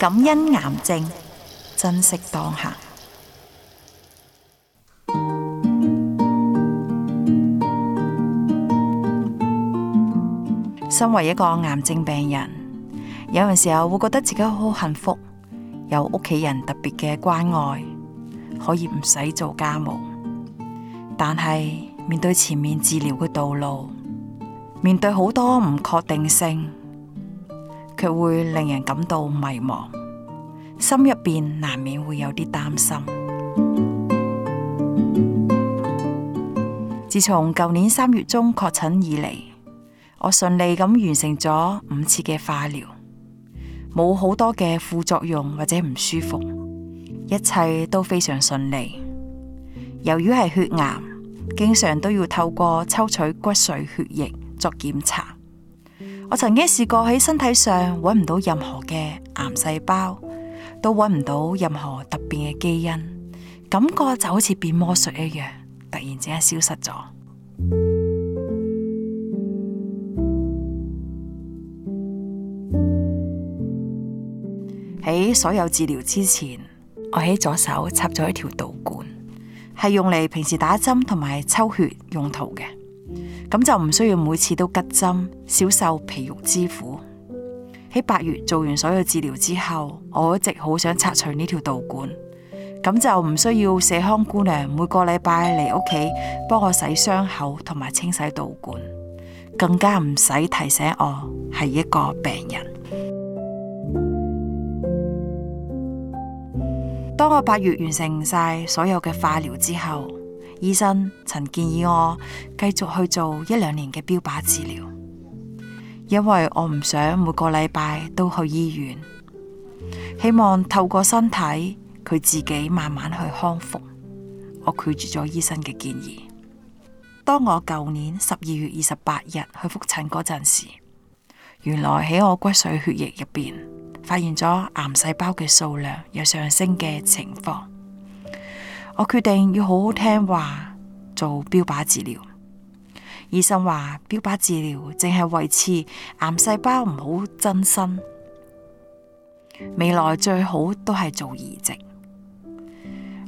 感恩癌症，珍惜當下。身為一個癌症病人，有陣時候會覺得自己好幸福，有屋企人特別嘅關愛，可以唔使做家務。但係面對前面治療嘅道路，面對好多唔確定性。卻會令人感到迷茫，心入邊難免會有啲擔心。自從舊年三月中確診以嚟，我順利咁完成咗五次嘅化療，冇好多嘅副作用或者唔舒服，一切都非常順利。由於係血癌，經常都要透過抽取骨髓血液作檢查。我曾經試過喺身體上揾唔到任何嘅癌細胞，都揾唔到任何特別嘅基因，感覺就好似變魔術一樣，突然之間消失咗。喺所有治療之前，我喺左手插咗一條導管，係用嚟平時打針同埋抽血用途嘅。咁就唔需要每次都拮針，少受皮肉之苦。喺八月做完所有治療之後，我一直好想拆除呢條導管，咁就唔需要社康姑娘每個禮拜嚟屋企幫我洗傷口同埋清洗導管，更加唔使提醒我係一個病人。當我八月完成晒所有嘅化療之後，醫生曾建議我繼續去做一兩年嘅標靶治療，因為我唔想每個禮拜都去醫院，希望透過身體佢自己慢慢去康復。我拒絕咗醫生嘅建議。當我舊年十二月二十八日去復診嗰陣時，原來喺我骨髓血液入邊發現咗癌細胞嘅數量有上升嘅情況。我決定要好好聽話，做標靶治療。醫生話標靶治療淨係維持癌細胞唔好增生，未來最好都係做移植。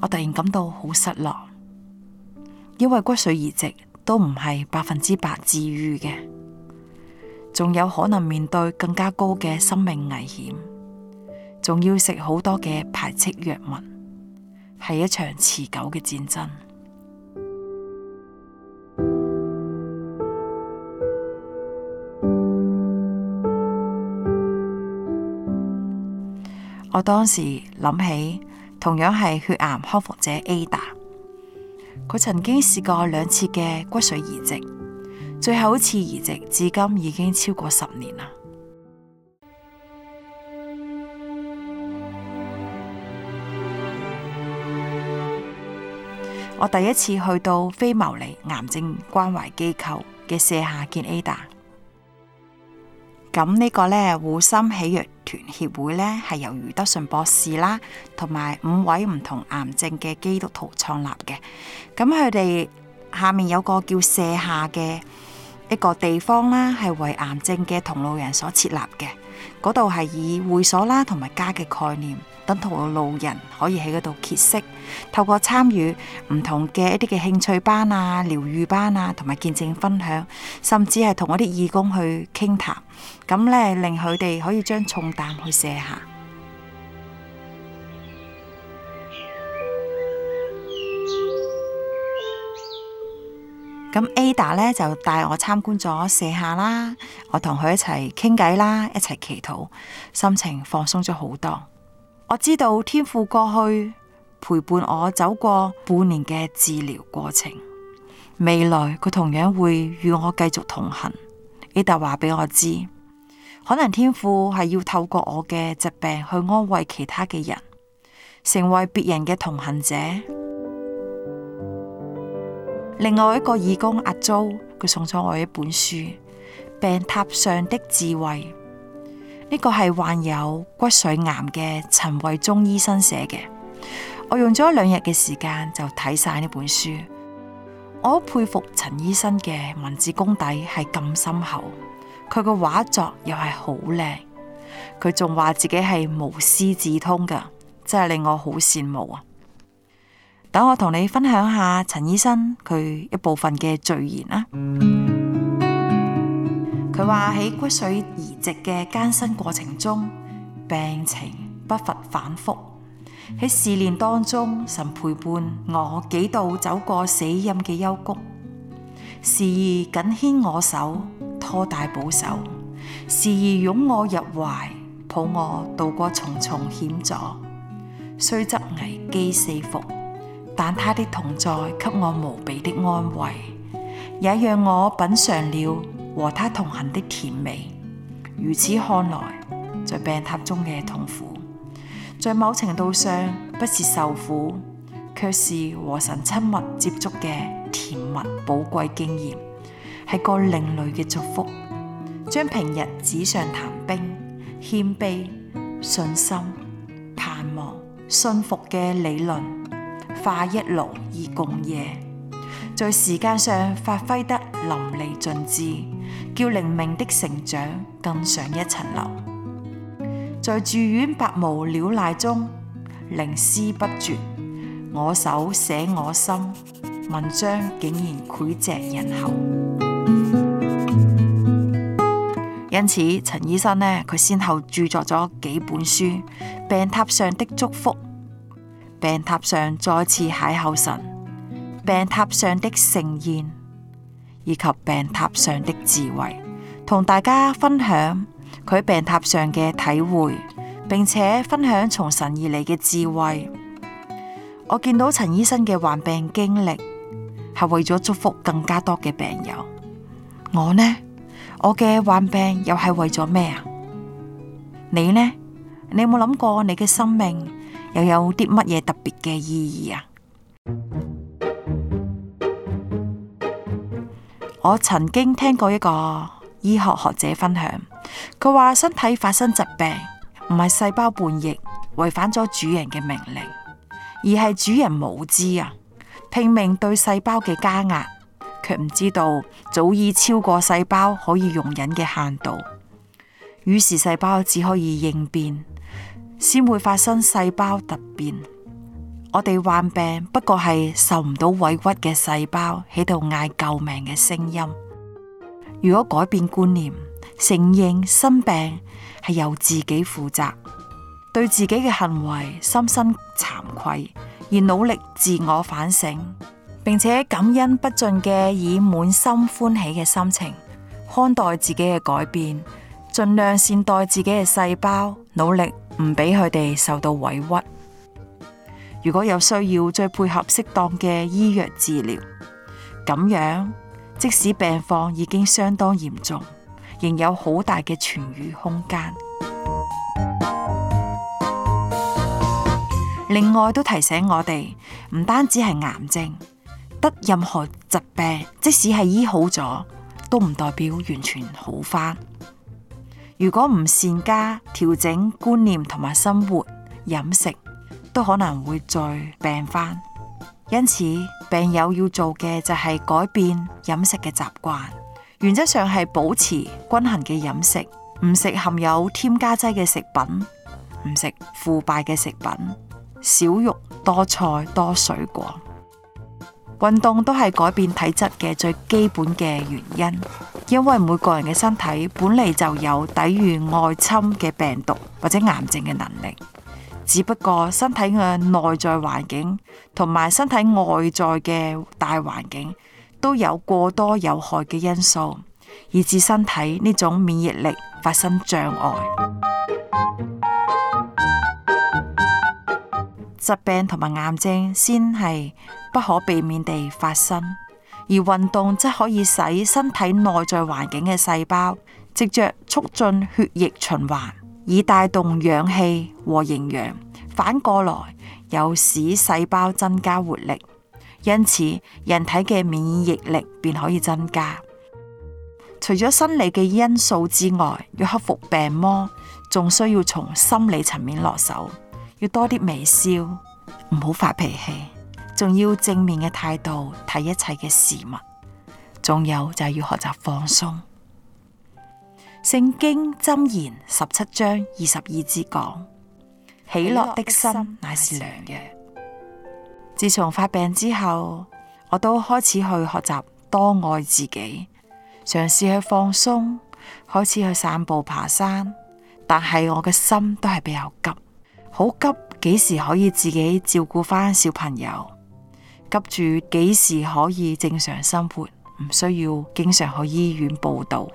我突然感到好失落，因為骨髓移植都唔係百分之百治愈嘅，仲有可能面對更加高嘅生命危險，仲要食好多嘅排斥藥物。係一場持久嘅戰爭。我當時諗起，同樣係血癌康復者 Ada，佢曾經試過兩次嘅骨髓移植，最後一次移植至今已經超過十年啦。我第一次去到非牟利癌症關懷機構嘅舍下見 Ada，咁呢個咧護心喜悅團協會咧係由余德順博士啦，同埋五位唔同癌症嘅基督徒創立嘅，咁佢哋下面有個叫舍下嘅一個地方啦，係為癌症嘅同路人所設立嘅。嗰度係以會所啦，同埋家嘅概念，等同路人可以喺嗰度歇息。透過參與唔同嘅一啲嘅興趣班啊、療癒班啊，同埋見證分享，甚至係同一啲義工去傾談，咁咧令佢哋可以將重擔去卸下。咁 Ada 咧就帶我參觀咗四下啦，我同佢一齊傾偈啦，一齊祈禱，心情放鬆咗好多。我知道天父過去陪伴我走過半年嘅治療過程，未來佢同樣會與我繼續同行。Ada 話俾我知，可能天父係要透過我嘅疾病去安慰其他嘅人，成為別人嘅同行者。另外一個義工阿周，佢送咗我一本書《病榻上的智慧》，呢、這個係患有骨髓癌嘅陳慧中醫生寫嘅。我用咗兩日嘅時間就睇晒呢本書，我好佩服陳醫生嘅文字功底係咁深厚，佢嘅畫作又係好靚，佢仲話自己係無師自通㗎，真係令我好羨慕啊！等我同你分享下陳醫生，佢一部分嘅序言啦。佢話喺骨髓移植嘅艱辛過程中，病情不乏反覆。喺試煉當中，神陪伴我幾度走過死蔭嘅幽谷，時而緊牽我手，拖帶保守；時而擁我入懷，抱我渡過重重險阻。雖則危機四伏。但他的同在給我無比的安慰，也讓我品嘗了和他同行的甜美。如此看來，在病榻中嘅痛苦，在某程度上不是受苦，卻是和神親密接觸嘅甜蜜寶貴經驗，係個另類嘅祝福，將平日紙上談兵、謙卑、信心、盼望、信服嘅理論。化一爐而共夜，在時間上發揮得淋漓盡致，叫靈命的成長更上一層樓。在住院百無聊賴中，靈思不絕，我手寫我心，文章竟然膾炙人口。因此，陳醫生呢，佢先後著作咗幾本書，《病榻上的祝福》。病榻上再次邂逅神、病榻上的盛宴，以及病榻上的智慧，同大家分享佢病榻上嘅體會，並且分享從神而嚟嘅智慧。我見到陳醫生嘅患病經歷，係為咗祝福更加多嘅病友。我呢？我嘅患病又係為咗咩啊？你呢？你有冇諗過你嘅生命？又有啲乜嘢特別嘅意義啊？我曾經聽過一個醫學學者分享，佢話身體發生疾病，唔係細胞叛逆，違反咗主人嘅命令，而係主人無知啊，拼命對細胞嘅加壓，卻唔知道早已超過細胞可以容忍嘅限度，於是細胞只可以應變。先會發生細胞突變，我哋患病不過係受唔到委屈嘅細胞喺度嗌救命嘅聲音。如果改變觀念，承認生病係由自己負責，對自己嘅行為深深慚愧，而努力自我反省，並且感恩不盡嘅，以滿心歡喜嘅心情看待自己嘅改變，盡量善待自己嘅細胞，努力。唔俾佢哋受到委屈。如果有需要，再配合適當嘅醫藥治療，咁樣，即使病況已經相當嚴重，仍有好大嘅痊愈空間。 另外，都提醒我哋，唔單止係癌症，得任何疾病，即使係醫好咗，都唔代表完全好返。如果唔善加調整觀念同埋生活飲食，都可能會再病返。因此，病友要做嘅就係改變飲食嘅習慣，原則上係保持均衡嘅飲食，唔食含有添加劑嘅食品，唔食腐敗嘅食品，少肉多菜多水果。運動都係改變體質嘅最基本嘅原因，因為每個人嘅身體本嚟就有抵禦外侵嘅病毒或者癌症嘅能力，只不過身體嘅內在環境同埋身體外在嘅大環境都有過多有害嘅因素，以致身體呢種免疫力發生障礙，疾病同埋癌症先係不可避免地發生，而運動則可以使身體內在環境嘅細胞，藉着促進血液循環，以帶動氧氣和營養，反過來又使細胞增加活力，因此人體嘅免疫力便可以增加。除咗生理嘅因素之外，要克服病魔，仲需要從心理層面落手，要多啲微笑，唔好發脾氣。仲要正面嘅態度睇一切嘅事物，仲有就係要學習放鬆。聖經箴言十七章二十二節講：喜樂的心乃是良藥。自從發病之後，我都開始去學習多愛自己，嘗試去放鬆，開始去散步、爬山。但係我嘅心都係比較急，好急，幾時可以自己照顧翻小朋友？急住幾時可以正常生活？唔需要經常去醫院報導。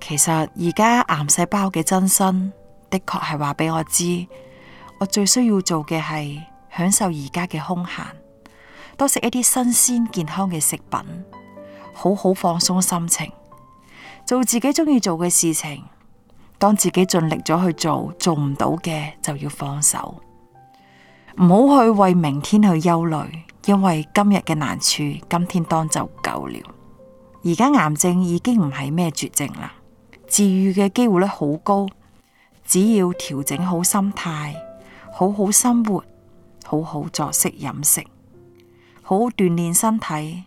其實而家癌細胞嘅真身的確係話俾我知，我最需要做嘅係享受而家嘅空閒，多食一啲新鮮健康嘅食品，好好放鬆心情，做自己中意做嘅事情。當自己盡力咗去做，做唔到嘅就要放手，唔好去為明天去憂慮。因為今日嘅難處，今天當就夠了。而家癌症已經唔係咩絕症啦，治癒嘅機會率好高。只要調整好心態，好好生活，好好作息飲食，好好鍛煉身體。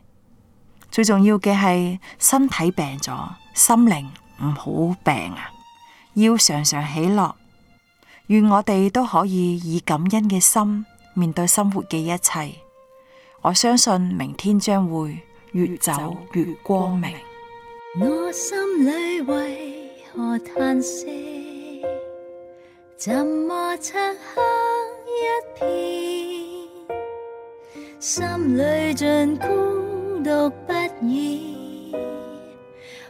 最重要嘅係身體病咗，心靈唔好病啊！要常常喜樂。願我哋都可以以感恩嘅心面對生活嘅一切。我相信明天將會越走越光明。越走越光明。我心裏為何嘆息？怎麼漆黑一片？心裏盡孤獨不已，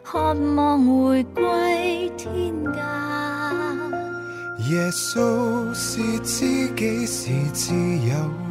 渴望回歸天家。耶穌是知己，是自由。